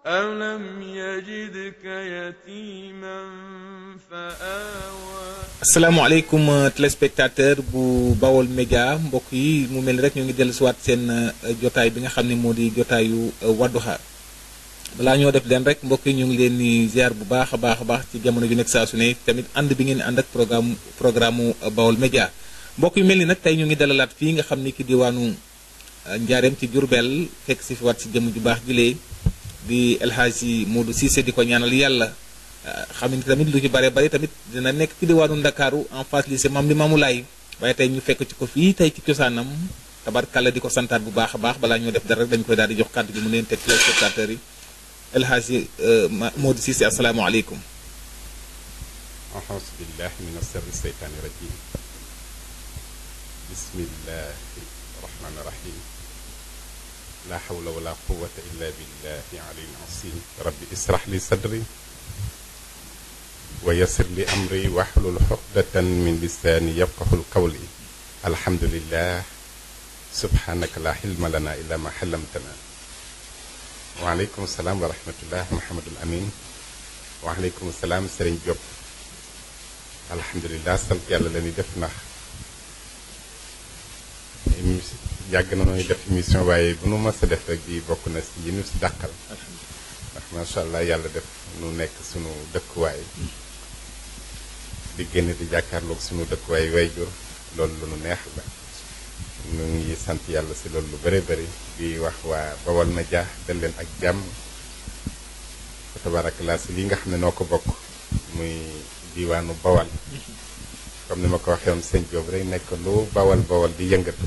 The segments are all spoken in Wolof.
ألم يجدك يتيما فآوى السلام عليكم تلسبيكتاتر بو باول ميجا بوكي مومن رك نيغي ديل سوات سين جوتاي بيغا خامني مودي جوتايو وادوها بلا نيو ديف لين رك مبوكي نيغي لين ني زيار بو باخ باخ باخ تي جامونو جي نيك ساسوني تاميت اند بيغي ني اندك بروغرام بروغرام باول ميجا مبوكي ميلني نك تاي نيغي ديلالات في خامني كي ديوانو نجارم تي جوربل فيك سي فوات سي جيم جو باخ جي di alhaji Modou Cissé diko ñaanal yàlla xamni tamit lu ci bare bare tamit dina nek ci diwaanu Ndakaaru en face lycée Mame Limamou Laye waye tay ñu fekk ci ko fi tay ci cosaanam tabarkàlla diko santat bu baax baax bala ñu def dara dañ koy daal di jox kàddu bi mu leen tek ci spectateur yi alhaji Modou Cissé assalamu alaykum أعوذ بالله من الشر الشيطان الرجيم بسم الله الرحمن الرحيم لا حول ولا قوة إلا بالله علي العظيم رب اسرح لي صدري ويسر لي أمري واحلل حقدة من لساني يفقه القول الحمد لله سبحانك لا حلم لنا إلا ما حلمتنا وعليكم السلام ورحمة الله محمد الأمين وعليكم السلام سرين جوب الحمد لله sant Yàlla la ñuy yàgg na nooy def émission waaye bu nu mës def rek bi bokk na si yi nu si dàqal ndax macha allah yàlla def nu nekk sunu dëkkuwaay di génn di jàkkaarloog sunu dëkkuwaay wayjur loolu lu nu neex la ñu ngi sant yàlla si loolu lu bëri bëri di wax waa Bawal Media dal leen ak jàmm tabarakallah si yi nga xam ne noo ko bokk muy diwaanu Bawal comme ni ma ko waxee woon sëñ Diop rek nekk lu Bawal Bawal di yëngatu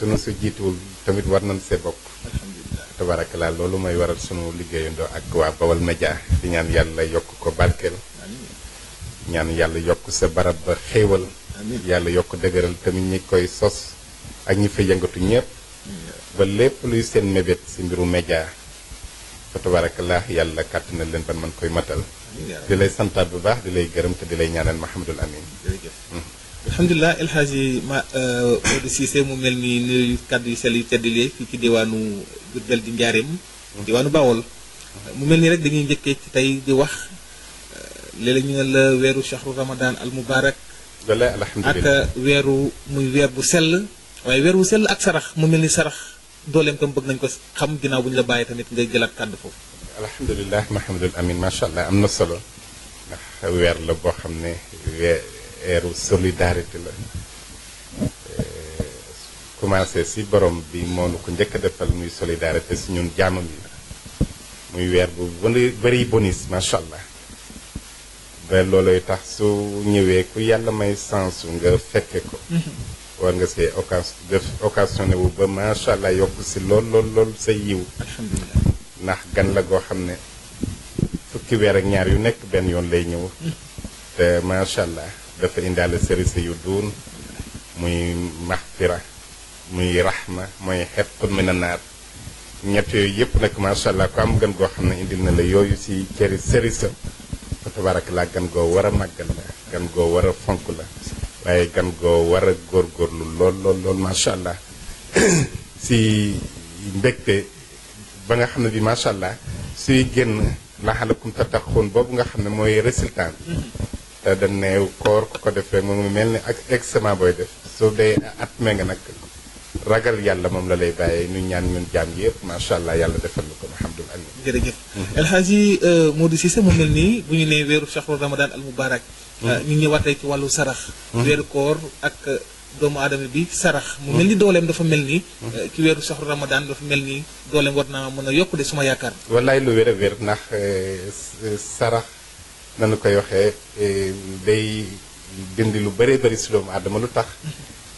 sunu su jiituwul tamit war nañ see bokk tabarakalaa loolu mooy waral sunu liggéeyandoo ak waa Bawal Média di ñaan yàlla yokk ko barkeel ñaan yàlla yokk sa barab ba xéewal yàlla yokk dëgëral tamit ñi koy sos ak ñi fa yëngatu ñëpp ba lépp luy seen mébét si mbiru média fa tabarakallah yàlla kàtt na leen ban man koy matal di lay santaat bu baax di lay gërëm te di lay ñaanal Mahamadul Amin alhamdulilah El Hadji ma Modou Cissé mu mel ni nuyu kaddu yu sell yu tedd li fii ci diwaanu Diourbel di Njaareem diwaanu Bawol mu mel nii rek dañuy njëkkee ci tey di wax léeg-léeg ñu ne la weeru shahru ramadan al mubarak ak weeru muy weer bu sell waaye weer bu sell ak sarax mu mel ni sarax dooleem tam bëgg nañ ko xam ginnaaw bu ñu la bàyyee tamit ngay jëlaat kàddu foofu alhamdulilah mahamadul amin macha allah am na solo ndax weer la boo xam ne eeru solidarité la eh, commencé si borom bi moonu ko njëkk a defal muy solidarité si ñun jaamam yi muy weer bu bëri bonis macha allah ba looloy tax su ñëwee ku yàlla may sansu nga fekke ko mm-hmm. war nga see occasion wu ba macha allah yokk si lool lool sa yiw ndax gan la goo xam ne fukki weer ak ñaar yu nekk benn yoon lay ñëw mm-hmm. te macha allah dafa indaale service yu duun muy maxfira muy raxma mooy xetxun mi na naar ñett yooyu yëpp nag macha allah ku am gan goo xam ne indil na la yooyu si cëri service am fa tabarak laa gan goo war a màggal la gan goo war a fonk la waaye gan goo war a góor góorlu lool lool macha allah si mbégte ba nga xam ne bi macha allah suy génn laxalakum tataxoon boobu nga xam ne mooy résultat te euh, dañ ne koor ko def rek mu mel ni ak exement booy def soo dee at me nga nag ragal yàlla moom la lay bàyyee ñu ñaan ñun jaam yëpp macha allah yàlla defal na ko alhamdulilah. jërëjëf. El Hadji euh, Modou Cissé mu mel nii bu ñu nee weeru shahru ramadan al mubarak. Hmm. Euh, ñu ñëwaat tey ci wàllu sarax. Hmm. weeru koor ak doomu aadama bi sarax. mu mel ni dooleem dafa mel nii. Hmm. ci weeru shahru ramadan dafa mel nii dooleem war naa mën a yokk de suma yaakaar. wallaay lu wér a wér ndax sarax. nanu koy waxee e, day dindi lu bëree bëri si doomu aadama lu tax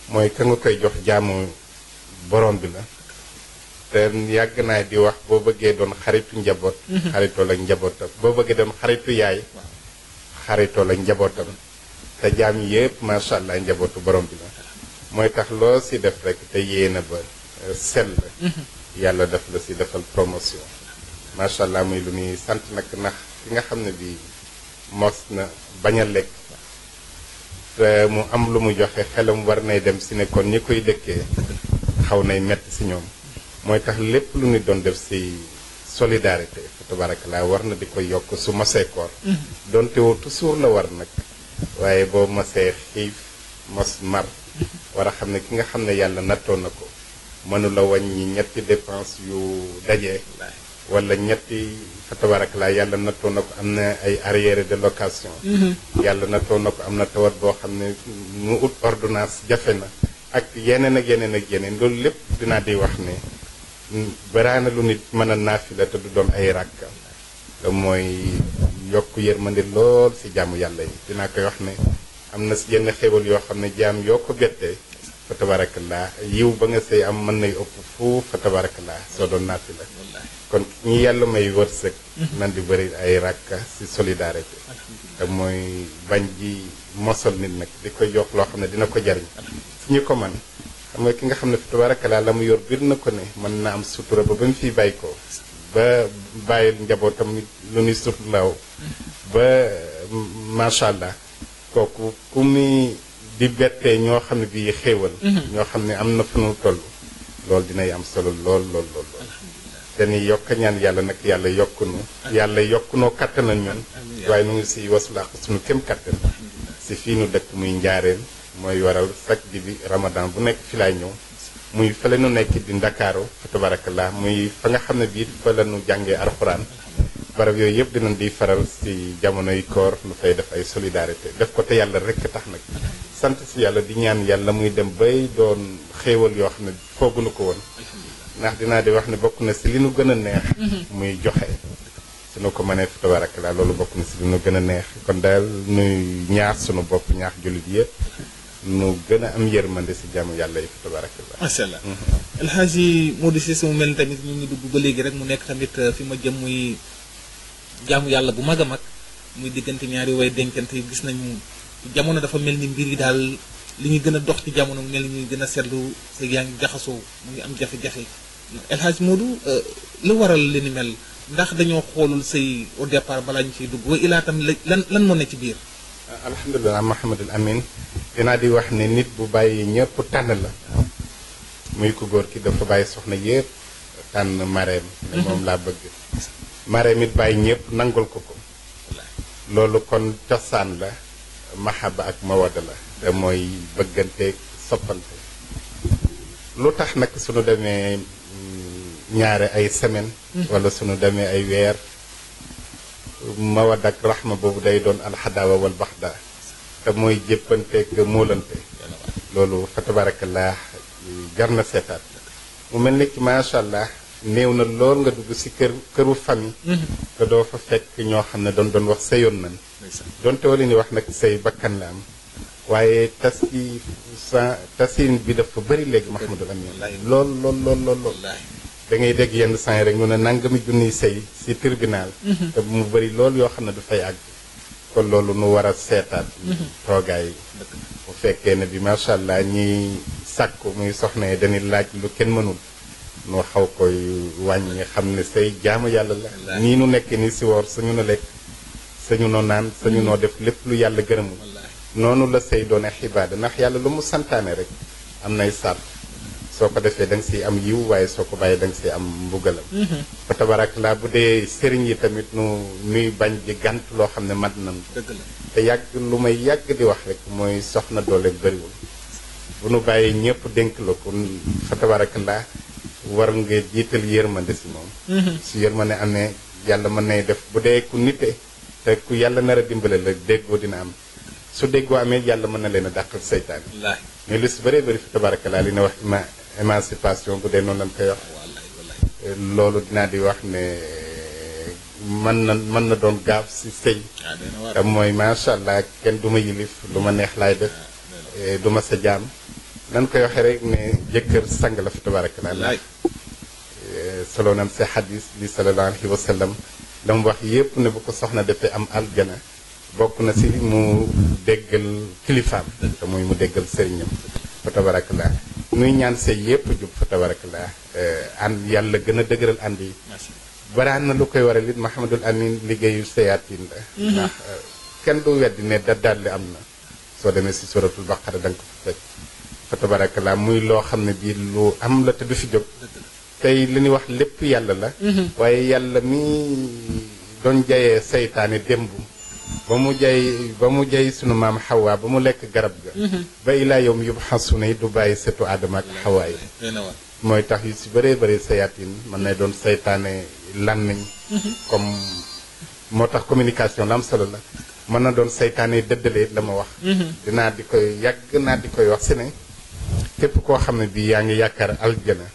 mooy ka nga koy jox jaamu borom bi la te yàgg naa di wax boo bëggee doon xaritu njaboot mhm. xaritoo la njabootam boo bëggee doon xaritu yaay la njabootam te jaam yëpp macha allah njabootu borom bi la mooy tax loo si def rek te yéena ba e, sell mhm. yàlla def la si defal promotion macha allah muy lu ñuy sant nag ndax ki nga xam ne bii mos na bañ a lekk te mu am lu mu joxe xelam war nay dem si ne kon ñi koy dëkkee xaw nay mett si ñoom mooy tax lépp lu ñu doon def si solidarité fa laa war na di ko yokk su masee koor mm-hmm. donte woo toujours la war nag waaye boo masee xiif mos mar mm-hmm. war a xam ne ki nga xam ne yàlla nattoo na ko mënula ñi ñetti dépense yu dajee wala ñetti fa tabarak yàlla nattoo na ko am na ay arriéré de location mhm. yàlla nattoo na ko am na tawat boo xam ne mu ut ordonnance jafe na ak yeneen ak yeneen ak yeneen loolu lépp dinaa di wax ne baraana lu nit mën a naafila te du doon ay ràkka mooy yokk yërmande lool si jàmm yàlla yi dinaa koy wax ne am na si yenn xéwal yoo xam ne jaam yoo ko bettee fa tabarak laa yiw ba nga sey am mën nay ëpp fu fa tabarak laa soo doon naafila kon ñi yàlla may wërsëg. nan di bëri ay rakka si solidarité. te mooy bañ ji mosal nit nag di ko jox loo xam ne dina ko jariñ su ñu ko man xam nga ki nga xam ne fi tubaarakalaa la mu yor biir na ko ne mën na am sutura ba ba mu fiy bàyyi ko ba bàyyil njabootam lu ñuy suturlaaw allah kooku ku muy di bettee ñoo xam ne bii xéewal mm-hmm. ñoo xam ne am na fu nu toll loolu dinay am solo lool lool lool lool dañuy yokk ñaan yàlla nag yàlla yokk nu yàlla yokk noo kattanal ñun waaye nu ngi si wasulaax suñu kem kattan si fii nu dëkk muy njaareel mooy waral chaque di bi ramadan bu nekk fi laay ñëw muy fa la nu nekk di ndakaaru fa tabarakallah muy fa nga xam ne bii fa la jàngee alxuraan barab yooyu yëpp dinañ di faral si jamonoy koor nu fay def ay solidarité def ko te yàlla rekk tax nag sant si yàlla di ñaan yàlla muy dem bay doon xéewal yoo xam ne fooguñu ko woon ndax dinaa di wax ne bokk na si li nu gën a neex. Mm-hmm. muy joxe. sunu ko mënee fi tabarakalla loolu bokk na si li nu gën a neex kon daal nuy ñaax sunu bopp ñaax jullit yëpp nu gën a am yërmande si jàmm yàlla yi fi tabarakalla. macha allah mm-hmm. El Hadj Modou Cissé mu mel ni tamit ñu ngi dugg ba léegi rek mu nekk tamit uh, fi ma jëm muy jàmm yàlla bu mag a mag muy diggante ñaari way dencante gis nañu jamono dafa mel ni mbir yi daal. li ngi gën a dox ci jamono ne li ñuy gën a seetlu yaa ngi jaxasoo mu ngi am jafe-jafe El Hadj Modou euh, lu waral leen ni mel ndax dañoo xoolul say au départ balaa ñu ciy dugg wa ilaa tam lan lan moo ne ci biir ah, alhamdulilah Mahamadul Amin dinaa di wax ne nit bu bàyyi ñëpp tànn la muy ku góor ki dafa bàyyi soxna yëpp tànn mareem ne mhm. moom laa bëgg mareem bàyyi ñëpp nangul ko ko loolu kon cosaan la mahaba ak mawada la te mooy bëgganteeg soppante lu tax nag suñu demee ñaare ay semaine wala suñu demee ay weer mawad ak rahma boobu day doon alxadaawa wal baxda te mooy jéppanteeg móolante loolu fa tabarakallah jar na seetaat mu mel ni ki macha allah néew na lool nga dugg si kër këru famille te doo fa fekk ñoo xam ne doon doon wax sëyoon nan donte wala ni wax nag say bakkan la am waaye tas ci sa tasin bi dafa bëri léegi Mouhamadou Amine lool lool lool lool lool da ngay dégg yenn san yi rek mu ne nangami junniy sëy si tribunal mhm. te mu bëri lool yoo xam ne dafay fay àgg kon loolu nu war a seetaat mhm. toogaay yi fekkee ne bi macha allah ñiy sàkku muy soxna yi dañuy laaj lu kenn mënul nu xaw koy wàññi xam ne sëy jaamu yàlla la nii nu nekk ni si woor sañu na lekk sañu noo naan sañu noo def lépp lu yàlla gërëmul noonu la say doone da ndax yàlla lu mu santaane rek am nay sàrt soo ko defee danga nga siy am yiw waaye soo ko bàyyee danga nga am mbugalam mhm. fa tabarak laa bu dee sëriñ yi tamit nu nuy bañ di gànt loo xam ne mat nan te yàgg lu may yàgg di wax rek mooy soxna doole bëriwul bu nu bàyyee ñëpp dénk la ko fa tabarak laa war nga jiital yërmande si moom mhm. su yërmande amee yàlla mën nay def bu dee ku nite te ku yàlla nar a dimbale la déggoo dina am su déggoo amee yàlla mën na leen a dàqal seytaane mais lu si bëree bëri fi tabarakalaa li na wax émancipation bu dee noonu lañ koy wax loolu dinaa di wax ne mën na na doon gaaf si sëy ah, te mooy macha allah du ma yilif lu ma neex laay def ah, eh, du ma sa jaam nan koy waxee rek ne jëkkër sang la fi tabarakalaa eh, solo nam si xadis bi sallallahu alayhi la wax yépp ne bu ko soxna defee am aljana bokk na si mu déggal kilifaam te muy mu déggal sëriñam fa tabarakallah muy ñaan sëy yépp jub fa tabarakallah eh, ànd yàlla gën a dëgëral ànd yi baraan na lu koy waral it Mahamadul Amin liggéeyu sayaatin la mm-hmm. ndax eh, kenn du weddi ne daddaal li am na soo demee si suratul baqara da nga ko fa fekk fa tabarakallah muy loo xam ne bii lu am la te du fi jóg tey li ñuy wax lépp yàlla la mm-hmm. waaye yàlla mi doon jayee saytaane démb ba mu jay ba mu jay sunu maam xawaa ba mu lekk garab ga mhm. ba ilaa yom yub xasu na du bàyyi setu aadama ak xawaa yi mooy tax yu si bëree bëri sayaatin mën na doon saytaane làmmiñ mhm. comme moo tax communication la am solo la mën na doon saytaane dëddale la ma wax mhm. dinaa di koy yàgg naa di koy wax si ne képp koo xam ne bii yaa ngi yaakaar aljana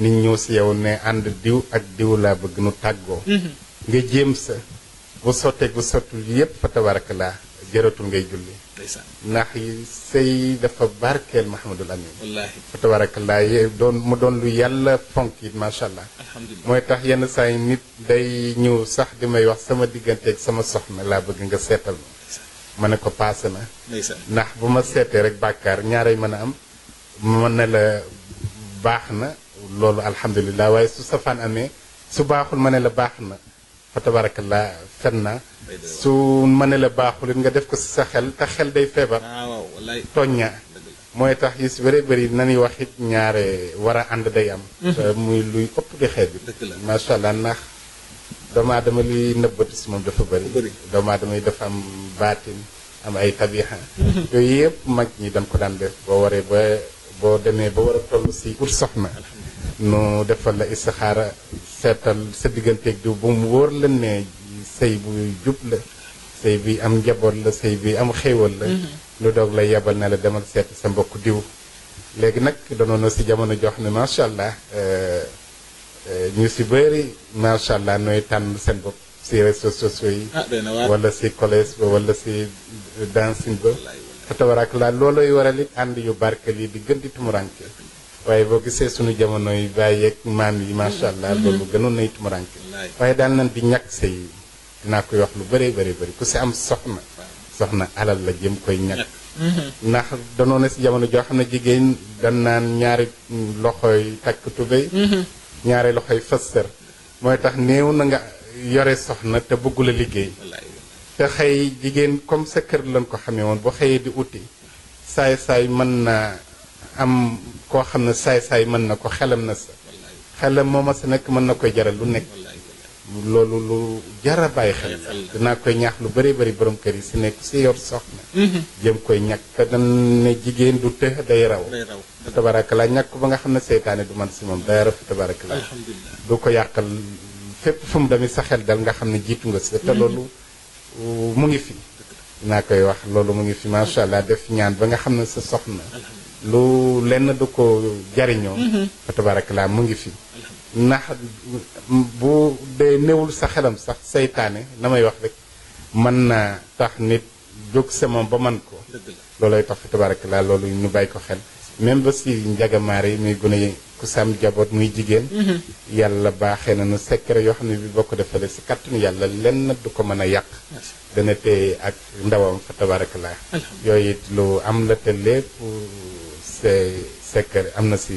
nit ñëw si yow ne ànd diw ak diw laa bëgg nu tàggoo nga jéem sa bu sotteeg bu sottul yépp fa tabarakallah jëratul ngay julli ndax sëy dafa barkeel Mahamadul Amin wallaahi fa tabarakallah doon mu doon lu yàlla fonk it macha allah mooy tax yenn saa yi nit day ñëw sax di may wax sama digganteeg sama soxna laa bëgg nga seetal ma ma ne ko paase na ndax bu ma seetee rek bàkkaar ñaaray mën a am mën na la baax na loolu alhamdulilah waaye su safaan amee su baaxul ma ne la baax na fa la fen na su ma ne la baaxul nga def ko si sa xel te xel day feebar ah, tooñña mooy tax yu si bëri bëri nañuy wax it ñaare war a ànd day am mhm. muy luy ëpp di xeet bi macha allah ndax doomu aadama luy nëbbatu si moom dafa bëri doomu aadama yi dafa am baatin am ay tabiha mhm. yooyu yëpp mag ñi dañ ko daan def boo waree ba boo demee ba war a toll si ut soxna nu defal la istixaara seetal sa digganteeg diw bu mu wóor la ne sëy buy jub la sëy bi am njaboot la sëy bi am xéewal la mm-hmm. lu doog la yebal na la demal seet sa mbokk diw léegi nag danoon na si jamono jox xam ne macha allah euh, euh, ñu si bari macha allah nooy tànn seen bopp si réseaux sociaux yi ah, wala si collège ba wala si euh, dancing ba fatabarak la loolooy waral it ànd yu barkeel yi di gën di tumuranke waaye boo gisee suñu jamono yi bàyyi yeeg maam yi macha allah mhm. loolu gënoon nay tumuranke waaye daan nañ di ñàkk sëy naa koy wax lu bëree bëri bëri ku si am soxna soxna alal la jëm koy ñàkk mhm. ndax danoo si jamono joo xam ne jigéen dan naan ñaari loxoy takk tubéy mhm. ñaari loxoy fësër mooy tax néew na nga yore soxna te bëggula liggéey te xëy jigéen comme sa kër lañ ko xamee woon boo xëyee di uti saay saay mën na am koo xam ne saay-saay mën na ko xelam na sa xelam moo ma sa nekk mën na koy jaral lu nekk loolu lu jara bàyyi xel dinaa koy ñaax lu bari bari borom kër yi si nekk si yor soxna jëm mm-hmm. koy ñàkk te dañ ne jigéen du tëx day raw fa tabarakalaa ñàkk ba nga xam ne seytaane du man si moom day raw fa tabarakalaa du ko yàqal fépp fu mu demee sa xel dal nga xam ne jiitu nga si te mm-hmm. loolu mu ngi fi dinaa koy wax loolu mu ngi fi macha allah def ñaan ba nga xam ne sa soxna lu lenn du ko jariñoo mhm. fa tabarakalaa mu ngi fi ndax bu dee newul sa xelam sax seytaane na may wax rek mën na tax nit jóg sama ba man ko loolay tax fa tabarakalaa loolu ñu bàyyi ko xel même ba si njagamaar yi muy gune ku sam jaboot muy jigéen mhm. yàlla baaxee na nu secret yoo xam ne bi boo ko defalee si kàttanu yàlla lenn du ko mën a yàq dana téye ak ndawam fa yooyu lu am la te lépp c'est am na si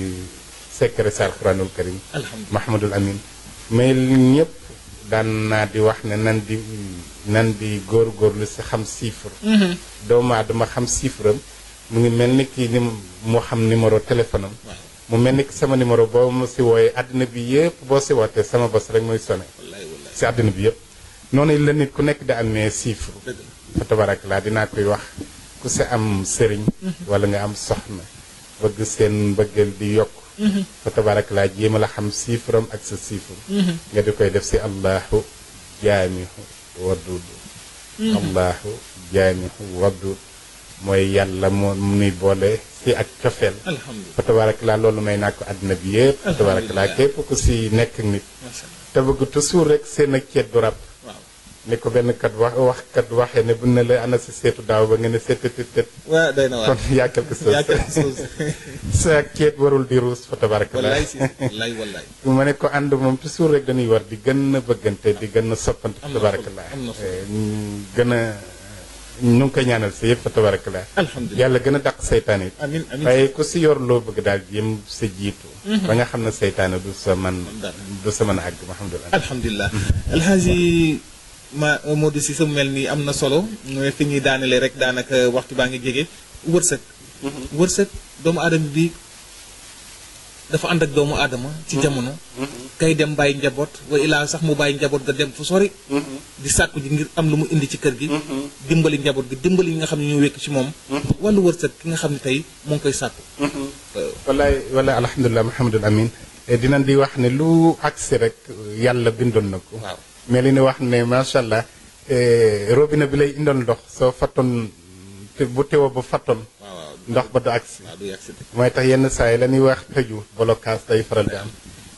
secret si alxuraanul karim mahamadul amin mais ñëpp daan naa di wax ne nan di góor góor lu si xam chiffre mhm. doomu aadama xam chiffre am mu ngi mel ni kii ni moo xam numéro téléphone am mu mel ni sama numéro boo ma si wooyee àddina bi yëpp boo si wootee sama bos rek mooy sone si àddina bi yëpp noonu la nit ku nekk di amee chiffre fa tabarak laa dinaa koy wax ku si am sëriñ mhm. walla nga am soxna bëgg seen mbëggeel di yokk mhm. fa tabarak laa jéem a la xam chiffre am ak sa chiffre mhm. nga di koy def si allahu jaamihu waddud mhm. allahu jaamihu waddud mooy yàlla moo muy boole ci ak cofeel fa tabarak laa loolu may naa ko àddina bi yëpp fa tabarak laa képp ku si nekk nit te bëgg toujours rek seen ak ceet du rab ni ko benn kat wax wax kat waxee ne bu ne la ana si seetu daaw ba nga ne seet tët tët. kon yaa quelque chose sa kéet warul di ruus fa tabaraka la wallaay si wallaay wallaay. ma ne ko ànd moom toujours rek dañuy war di gën a bëggante di gën a soppante fa tabaraka eh, gën a ñu ngi koy ñaanal sa yëpp fa tabaraka yàlla gën a dàq saytaan it. amiin amiin ku si yor loo bëgg daal yëm sa jiitu. Mhm. ba nga xam ne seytaane du sa man du sa mën a àgg alhamdulilah. Mhm. ma Modou Cissé mu mel ni am na solo fi ñuy daanale rek daanaka waxtu baa ngi jege wërsëg. Mm-hmm. wërsëg doomu aadama bi dafa ànd ak doomu aadama. ci mm-hmm. jamono. Mm-hmm. kay dem bàyyi njaboot wa sax mu bàyyi njaboot ga dem fu sori. di sàkku ji ngir am lu mu indi ci kër gi. dimbali njaboot gi dimbali ñi nga xam ne ñoo wékk ci moom. wàllu wërsëg ki nga xam ne tey moo ngi koy sàkku. wallaay wallaay alhamdulilah Mouhamadul Amin eh, dinañ di wax ne lu agsi rek yàlla bindoon nag ko. waaw. mais li ñu wax ne macha allah robinet bi lay indoon ndox soo fattoon bu teewoo ba fattoon. ndox ba du agsi mooy tax yenn saa yi la ñuy wax tëju blocage day faral di am.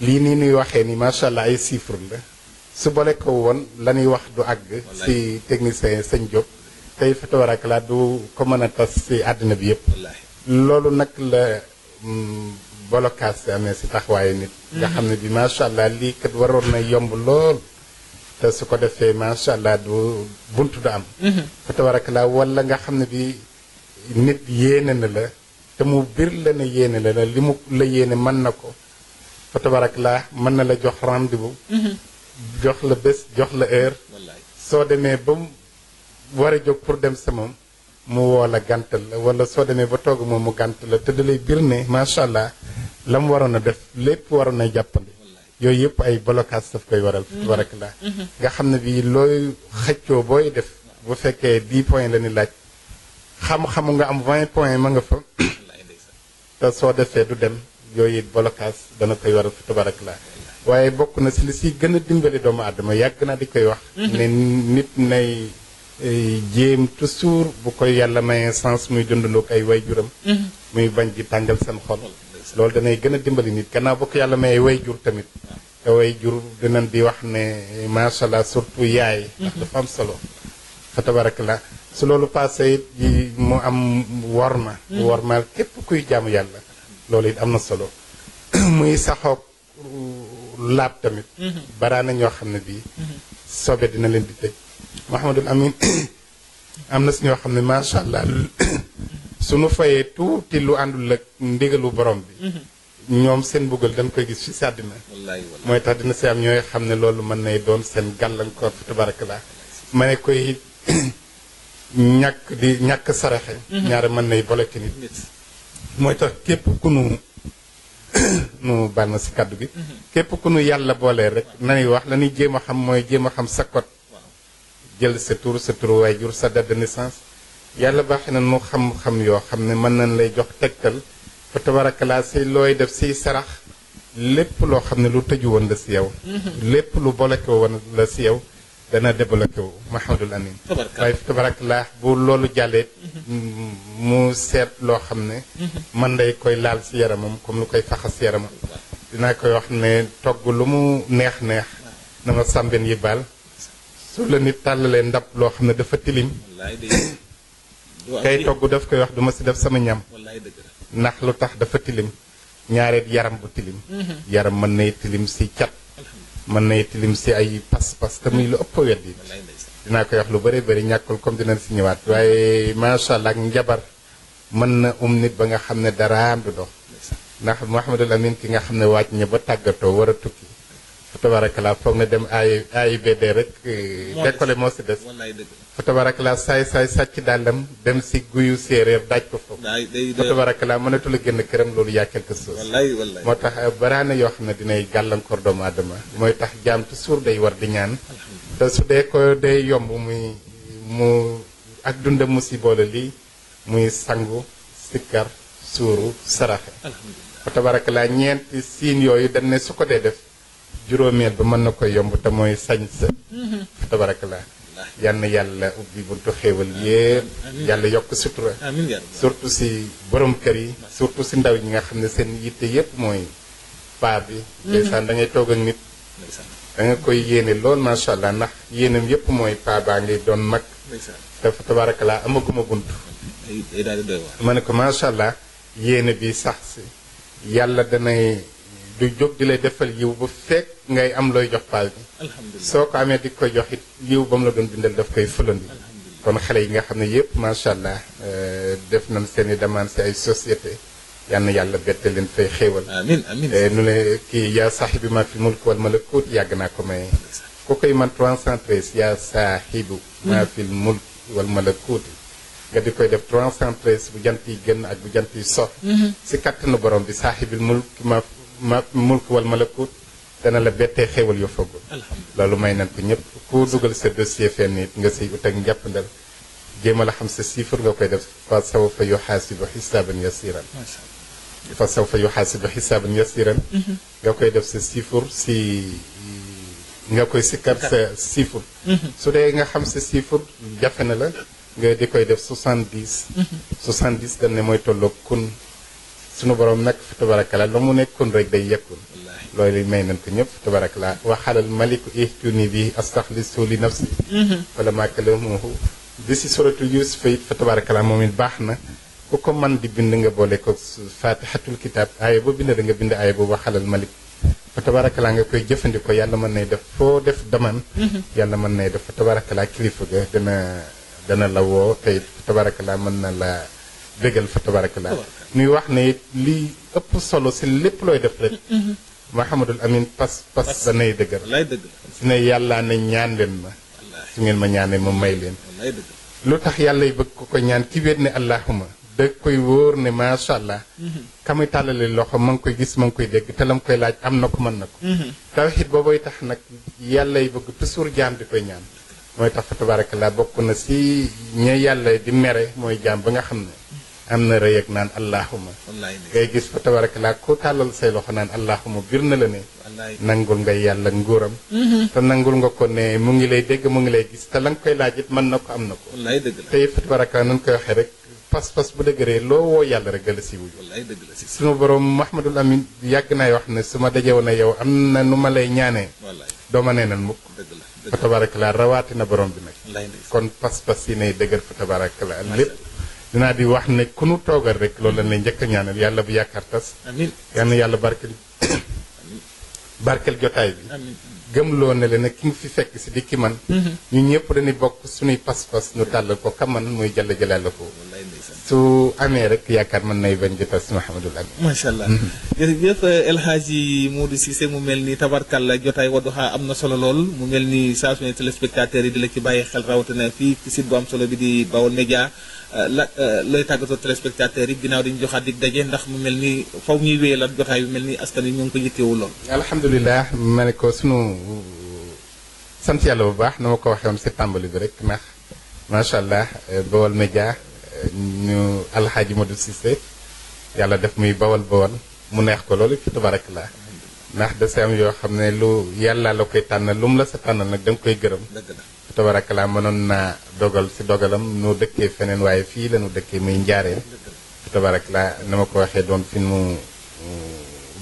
lii nii ñuy waxee ni macha allah ay chiffres la su boole ko woon la ñuy wax du àgg. si technicien sëñ Diop. tey fa tabarakalaa du ko mën a tas si àddina bi yëpp. loolu nag la blocage amee si taxawaayu nit. nga xam ne bi macha allah lii kat waroon na yomb lool. te su ko defee macha allah du buntu du am. Mhm. fa tabarakalaa wala nga xam ne bi nit yéene na la te mu bir la yéene la li mu la yéene mën na ko fa tabarakalaa mën na la jox rendez-vous. Mhm. jox la bés jox la heure. soo demee ba mu war a jóg pour dem sa moom mu woo la gàntal la wala soo demee ba togg moom mu gàntal la te da lay bir ne macha allah la mu waroon a def lépp waroon a jàppandi. yooyu yëpp ay blocage daf koy waral mhm. laa mhm. nga xam ne bi looy xëccoo booy def bu fekkee dix point la ni laaj xam-xamu nga am vingt point ma nga fa te soo defee du dem yooyu blocage dana koy waral laa waaye bokk na si li si gën a dimbali doomu aadama yàgg naa di koy wax mhm. ne nit nay eh, jéem toujours bu koy yàlla mayee sens muy dundandoo ay ay waajuram muy bañ di tàngal seen xol loolu danay gën a dimbali nit gannaaw bokk yàlla may way jur tamit te way jur dinañ di wax ne macha allah surtout yaay mhm. ndax dafa am solo fa tabarak la su loolu passé it yi mu am worma mhm. wormaal képp kuy jaamu yàlla loolu it am na solo muy saxoog uh, laab tamit mhm. baraana ñoo xam ne bii sobe dina leen di tëj Mouhamadul Amin am na si ñoo xam ne macha allah suñu fayee tuuti lu àndul ak ndigalu borom bi mhm. ñoom seen buggal dañ koy gis fi sàddina mooy tax dina si am ñooy xam ne loolu mën nay doon seen gàllankoor fi tabaraka la ma ne koy ñàkk di ñàkk saraxe mhm. ñaara mën nay boleke nit mooy tax képp ku nu nu baal si kàddu gi mhm. képp ku nu yàlla boole rek nanuy wax lañuy jéem a xam mooy jéem a xam sa code jël sa tur sa tur waajur sa date naissance yàlla baaxee na nu xam-xam yoo xam ne mën nañ lay jox tegtal fa tabarakalaa si looy def siy sarax lépp loo xam ne lu tëju woon la si yow. Mm-hmm. lépp lu bloqué woon la si yow dana débloqué wu Mahamadul Amin waaye fa tabarakalaa bu loolu jàllee mm-hmm. mu seet loo xam ne man mm-hmm. day koy laal si yaramam comme lu koy faxas si yaramam dinaa koy wax ne togg lu mu neex-neex dama ma sàmben yi baal su la nit tàllalee ndab loo xam ne dafa tilim kay togg daf koy wax duma si def sama ñam ndax lu tax dafa tilim ñaareet yaram bu tilim mhm. yaram mën nay tilim si cat mën na tilim si ay pas-pas te muy lu ëpp wedd yi dinaa koy wax lu bëri bëri ñàkkul comme dina si ñëwaat waaye macha allah ak njabar mën na um nit ba nga xam ne daraam du dox ndax Mouhamadul Amin ki nga xam ne waaj ña ba tàggatoo war a tukki fa tabarakalaa foog na dem ay AIBD rek. Eh, décollé moo si des. fa tabarakalaa saay saay sàcc dàllam dem si guyu séeréer daaj ko foofu. fa tabarakalaa mënatul a génn këram loolu yaa quelque chose. moo tax eh, baraana yoo xam ne dinay gàllankoor doomu aadama. mooy tax jaam te suur day war di ñaan. te su dee ko day yomb muy mu ak dundam mu si boole lii muy sangu sikkar suuru saraxe. fa tabarakalaa ñeenti siin yooyu dañ ne su ko dee def. juróomeel ba mën na ko yomb te mooy sañ sa mhm. tabarakallah yal na yàlla ubbi buntu xéewal yépp yàlla yokk si sutura surtout si borom kër yi surtout si ndaw ñi nga xam ne seen yitte yépp mooy paa bi mhm. ndeysaan da ngay toog ak nit danga koy yéene lool macha allah ndax yéenam yépp mooy paa baa ngay doon mag dafa tabarakallah amaguma bunt ma ko macha allah yéene bi sax si yàlla danay du jóg di lay defal yiw bu fekk ngay am looy jox paal bi soo ko amee di ko jox it yiw ba la doon bindal daf koy fëlandi kon xale yi nga xam ne yëpp macha allah def nañ seen i demande si ay société yal yàlla bette leen fay xéewal amiin amiin nu ne kii yaa saaxibi ma fi mulk wal malakut yàgg naa ko may ku koy man 313 yaa saaxibu ma fi mulk wal malakut nga di koy def 313 bu jant yi gën ak bu jant yi so si kattanu borom bi saaxibil mulk ma fi ma mulk wal malakut dana la bettee xéwal yu foggul loolu may nan ko ñëpp ku dugal sa dossier fenn it nga siy ut ak njàppandal jéemal a xam sa chiffre nga koy def fa saw fa mm-hmm. nga koy si nga koy mm-hmm. su dee nga xam sa chiffre jafe nga di koy def soixante-dix mm-hmm. soixante-dix dañ ne mooy tolloog kun sunu boroom nag fa tabarakala la mu nekkoon rek day yekkul loolu may nañ ko ñëpp tabarakala waxalal maliku ihtuni bi astaxlisu li nafsi mhm. wala maakalamuhu bi si suratul yusufa it fa moom it baax na ku ko man di bind nga boole ko fatihatul kitab aaya boo bind da nga bind aaya boobu waxalal malik fa nga koy jëfandikoo yàlla mën nay def foo def daman mhm. yàlla mën nay def fa tabarakalaa kilifa ga dana dana la woo tey fa la dëggal fa tabarakallah ñuy wax ne lii ëpp solo si lépp looy def rek Mouhamadul Amine pas pas danay dëggal si ne yàlla ne ñaan leen ma su ngeen ma ñaanee ma may leen lu tax yàlla bëgg ko ko ñaan ki wéet ne allahuma da koy wóor ne macha allah kamuy tàllale loxo ma ngi koy gis ma ngi koy dégg te la mu koy laaj am na ko mën na ko tawxit boobooy tax nag yàllay bëgg toujours jaam di koy ñaan mooy tax fa tabarakallah bokk na si ñe yàlla di mere mooy jaam ba nga xam ne am na rëy ak naan allahuma ngay gis fa tabaraka tabarakalaa ku tàllal say loxo naan allahuma bir na la ne nangul nga yàlla nguuram te nangul nga ko ne mu ngi lay dégg mu ngi lay gis te la nga koy laajit mën na ko am na ko te it fa tabarakalaa nañ koy waxee rek pas-pas bu dëgëree loo woo yàlla rek dala si wuyu suma borom Mahamadul Amin yàgg naay wax ne su ma dajewoon yow am na nu ma lay ñaanee doo ma nee nan mukk fa tabaraka tabarakalaa rawaati na borom bi nag kon pas-pas yi nay dëgër fa tabaraka la lépp dinaa di wax ne ku nu toogal rek loolu la ne njëkk a ñaanal yàlla bu yaakaar tas. amiin yal na yàlla barkel barkel jotaay bi. gëmloo ne la ne ki nga fi fekk si di ki man. Mhm. ñu ñëpp dañuy bokk suñuy pas-pas ñu tàllal ko kaman muy jàll jëlaale ko. su amee rek yaakaar man nay bañ di tas Mouhamadul Amin. macha allah. Mhm. jërëjëf eh, El Hadji Modou Cissé mu mel ni tabarkalla jotaay am na solo lool mu mel ni saa su ne yi di la ci bàyyi xel rawatina fii ci site bu am solo bi di Baol Média. لاي تاغوت تريسبكتاتير دي ناو دي نجو خات ديك داجي ناخ مو ملني فاو ني ويلا جوخاي ملني اسكان ني نكو ييتيو لول الحمد لله مانيكو سونو سانت يالا بو باخ نماكو واخ يوم سبتمبر لي ريك ناخ ما شاء الله بول ميديا نيو الحاج مودو سيسي يالا داف مي باول بول مو نيه كو لول في تبارك الله ناخ دسام يو خامني لو يالا لاكاي تان لوم لا سا تان نك دنج كوي غرم دغ tabarakalaa mënoon naa dogal si dogalam noo dëkkee feneen waaye fii lañu dëkkee muy njaareen tabarakalaa na ma ko waxee doon fi nu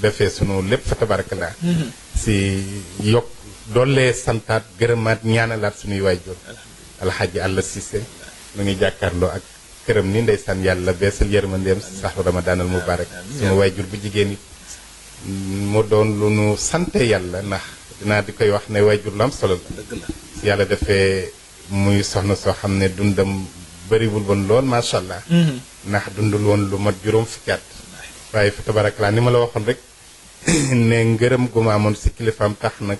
defee sunu lépp fa tabarakalaa mm-hmm. si yokk doolee santaat gërëmaat ñaanalaat sunuy waajur alxaaji àlla Cissé nu ngi jàkkaarloo ak këram ni ndeysaan yàlla beesal yërmandeem si saxu ramadaanal mubaarak sunu waajur bu jigéen it mu doon lu nu sante yàlla ndax dinaa di koy wax ne waajur lu am solo yàlla defé muy soxna so xamné dundam bari bëriwul woon lool ma sha allah. nax dundul won lu mat juróom fukki at. waaye fi tabarakalaa ni ma la waxon rek ne ngërëm gu ma amoon si kilifaam tax nak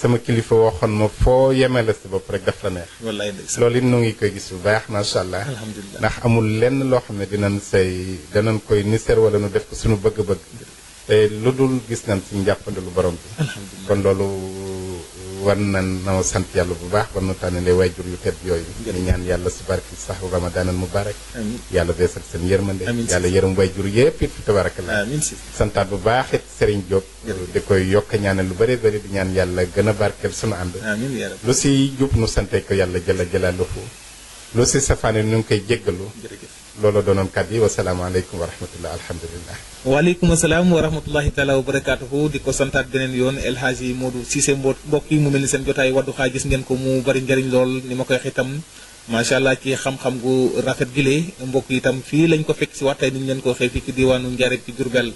sama kilifa waxon ma fo yemele ci bop rek daf la neex. wallahi deug it nu ngi koy gis bu baax ma sha allah. alhamdullilah nax amul lenn lo xamné dinañ say danañ koy niseer wala nu def ko suñu bëgg-bëgg. te lu gis nañ ci si lu borom bi. kon loolu. war na na sant yàlla bu baax war na tànnale waajur yu tedd yooyu ñu ñaan yàlla si barki sax ramadaanal mubaarak yàlla beesal seen yërmande yàlla yërëm waajur yëpp it fi tabarakallah santaat bu baax it Serigne Diop di koy yokk ñaanal lu bëree bëri di ñaan yàlla gën a barkeel sunu ànd lu si jub nu sante ko yàlla jëla jëlaluhu lu si safaane nu ngi koy jéggalu loolu doonoon kàddu yi wasalaamaaleykum wa rahmatullah alhamdulillah waaleykum asalaam wa rahmatullahi taala wa barakaatuhu di ko santaat beneen yoon El moo Modou Cissé mbokk yi mu mel ni seen jotaay Wadduha gis ngeen ko mu bari njariñ lool ni ma ko wax itam macha allah ci xam-xam gu rafet gi lee mbokk yi itam fii lañ ko fekk si wax ni ñu leen ko waxee fii ci diwaanu Njaareem ci Jurbel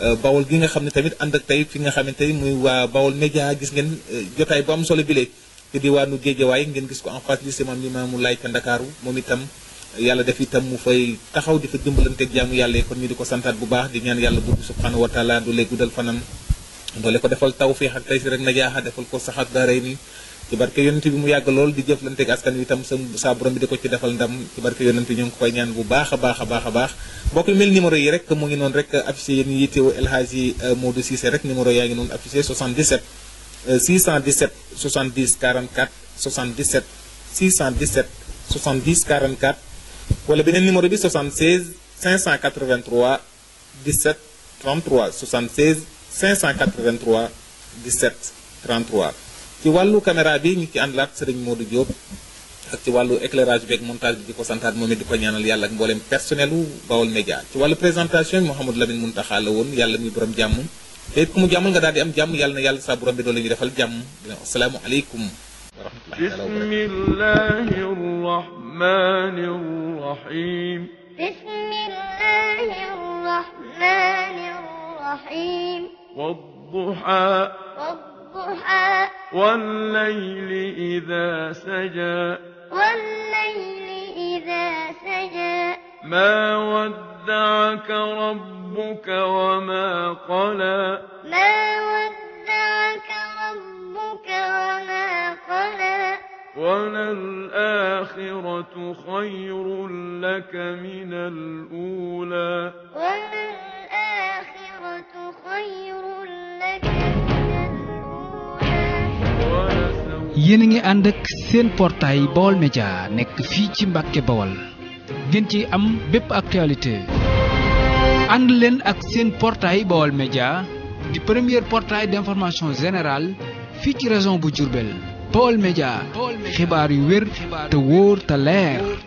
euh, bawol gi nga xam ne tamit ànd ak tey fi nga xamante ni muy waa bawol média gis ngeen euh, jotaay bu am solo bi lee ci diwaanu Géejawaay ngeen gis ko en face lycée Maam Limaamu Laay ca Ndakaaru moom itam yalla def itam mu fay taxaw di fa dimbalanteeg jaamu yàlla kon ñu diko santat bu baax di ñaan yalla bu subhanahu wa taala du lay guddal fanam do le ko defal tawfiq ak tayfi rek na najaaxa defal ko sahat daaray ni ci barke yonent bi mu yag lool di ak askan wi itam sa sa borom bi diko ci defal ndam ci barke yonent ñu ko fay ñaan bu baax a baax baax a baax mbokk mel numéro yi rek mo ngi non rek affiché yéen ñi yittewoo El Hadji euh, Modou Cissé rek numéro yaa ngi noonu affiché 77 617 70 44 77 617 70 44 wala beneen numéro bi 76 583 17 33 76 583 17 33 ci wàllu caméra bi ñu ci àndalaat sëriñ Modou Diop ak ci wàllu éclairage bi ak montage bi di ko santaat moom di ko ñaanal yàlla ak mbooleem personnel u Bawol Média ci wàllu présentation bi Mouhamadou Lamine Muntaxa la woon yàlla muy borom jàmm te it ku mu jàmmal nga daal di am jàmm yàlla na yàlla saa borom bi doon la ñu defal jàmm dina assalaamu aleykum wa rahmatullahi الرحمن الرحيم بسم الله الرحمن الرحيم والضحى والضحى والليل إذا سجى والليل إذا سجى ما ودعك ربك وما قلى ما ودعك وَلَلْآخِرَةُ خَيْرٌ لَّكَ مِنَ الْأُولَىٰ وَلَلْآخِرَةُ خَيْرٌ لَّكَ مِنَ الْأُولَىٰ yéen a ngi ànd ak seen portail Baol Média nekk fii ci Mbàkke Bawol ngeen ci am bépp actualité ànd leen ak seen portail Baol Média di premier portail d'information générale fii ci région bu Diourbel Baol Média xibaar yu wér te wóor te leer